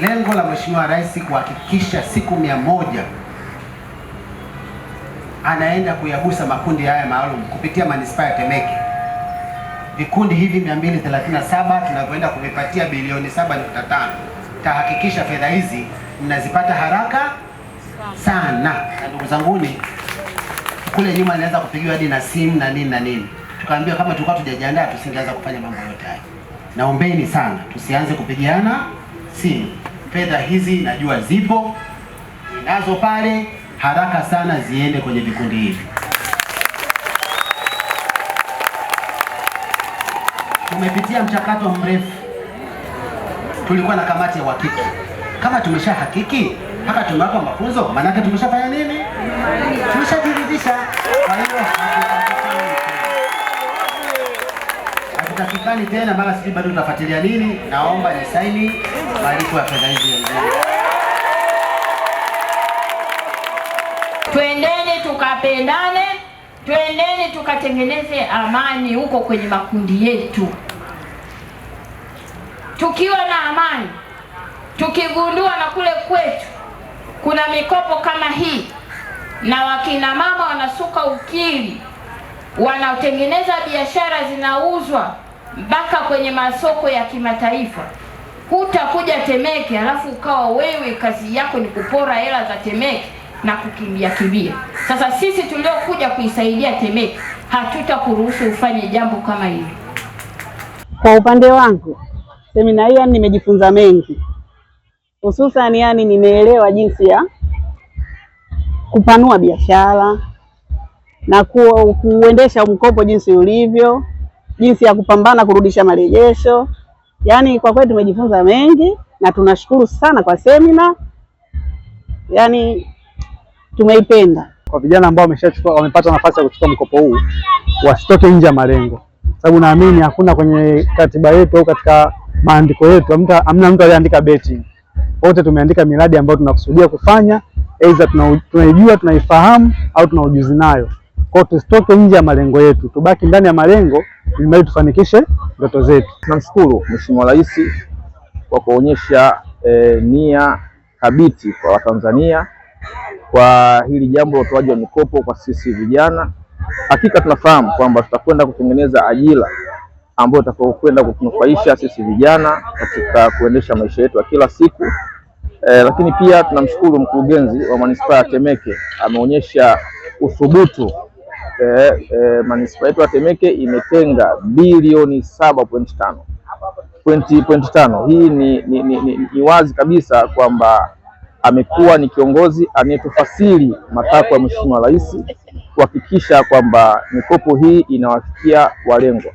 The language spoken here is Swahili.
Lengo la Mheshimiwa Rais kuhakikisha siku mia moja anaenda kuyagusa makundi haya maalum kupitia manispaa ya Temeke. Vikundi hivi 237 tunavyoenda kuvipatia bilioni 7.5, tahakikisha fedha hizi mnazipata haraka sana. Na ndugu zanguni, kule nyuma inaweza kupigiwa hadi na simu na nini na nini, tukaambiwa kama tulikuwa tujajiandaa tusingeanza kufanya mambo yote haya. Naombeni sana tusianze kupigiana simu fedha hizi najua zipo, ninazo pale, haraka sana ziende kwenye vikundi hivi. Tumepitia mchakato mrefu, tulikuwa na kamati ya uhakiki. Kama tumesha hakiki mpaka tumewapa mafunzo, maanake tumeshafanya nini? Tumeshajiridhisha. Kwa hiyo gani tena, maana sijui bado tunafuatilia nini. Naomba ni saini malipo ya fedha hizi. Twendeni tukapendane, twendeni tukatengeneze amani huko kwenye makundi yetu. Tukiwa na amani, tukigundua na kule kwetu kuna mikopo kama hii na wakina mama wanasuka ukili, wanatengeneza biashara zinauzwa mpaka kwenye masoko ya kimataifa. Hutakuja Temeke alafu ukawa wewe kazi yako ni kupora hela za Temeke na kukimbia kimbia. Sasa sisi tuliokuja kuisaidia Temeke hatutakuruhusu ufanye jambo kama hili. Kwa upande wangu, semina hii yaani nimejifunza mengi, hususan yani nimeelewa jinsi ya kupanua biashara na kuendesha mkopo jinsi ulivyo jinsi ya kupambana kurudisha marejesho. Yaani kwa kweli tumejifunza mengi na tunashukuru sana kwa semina, yaani tumeipenda. Kwa vijana ambao wameshachukua wamepata nafasi ya kuchukua mkopo huu wasitoke nje ya malengo, sababu naamini hakuna kwenye katiba yetu au katika maandiko yetu, hamna mtu aliandika betting. Wote tumeandika miradi ambayo tunakusudia kufanya, aidha tunaijua tunaifahamu au tuna ujuzi nayo. Kwa tusitoke nje ya malengo yetu, tubaki ndani ya malengo ili tufanikishe ndoto zetu. Tunamshukuru Mheshimiwa Rais kwa kuonyesha e, nia thabiti kwa Watanzania kwa hili jambo la utoaji wa mikopo kwa sisi vijana. Hakika tunafahamu kwamba tutakwenda kutengeneza ajira ambayo itakayokwenda kutunufaisha sisi vijana katika kuendesha maisha yetu ya kila siku. E, lakini pia tunamshukuru mkurugenzi wa manispaa ya Temeke ameonyesha uthubutu eh, eh, manispaa yetu ya Temeke imetenga bilioni saba pointi tano pointi tano. Hii ni, ni, ni, ni, ni wazi kabisa kwamba amekuwa ni kiongozi anayetafasiri matakwa ya Mheshimiwa Rais kuhakikisha kwamba mikopo hii inawafikia walengwa.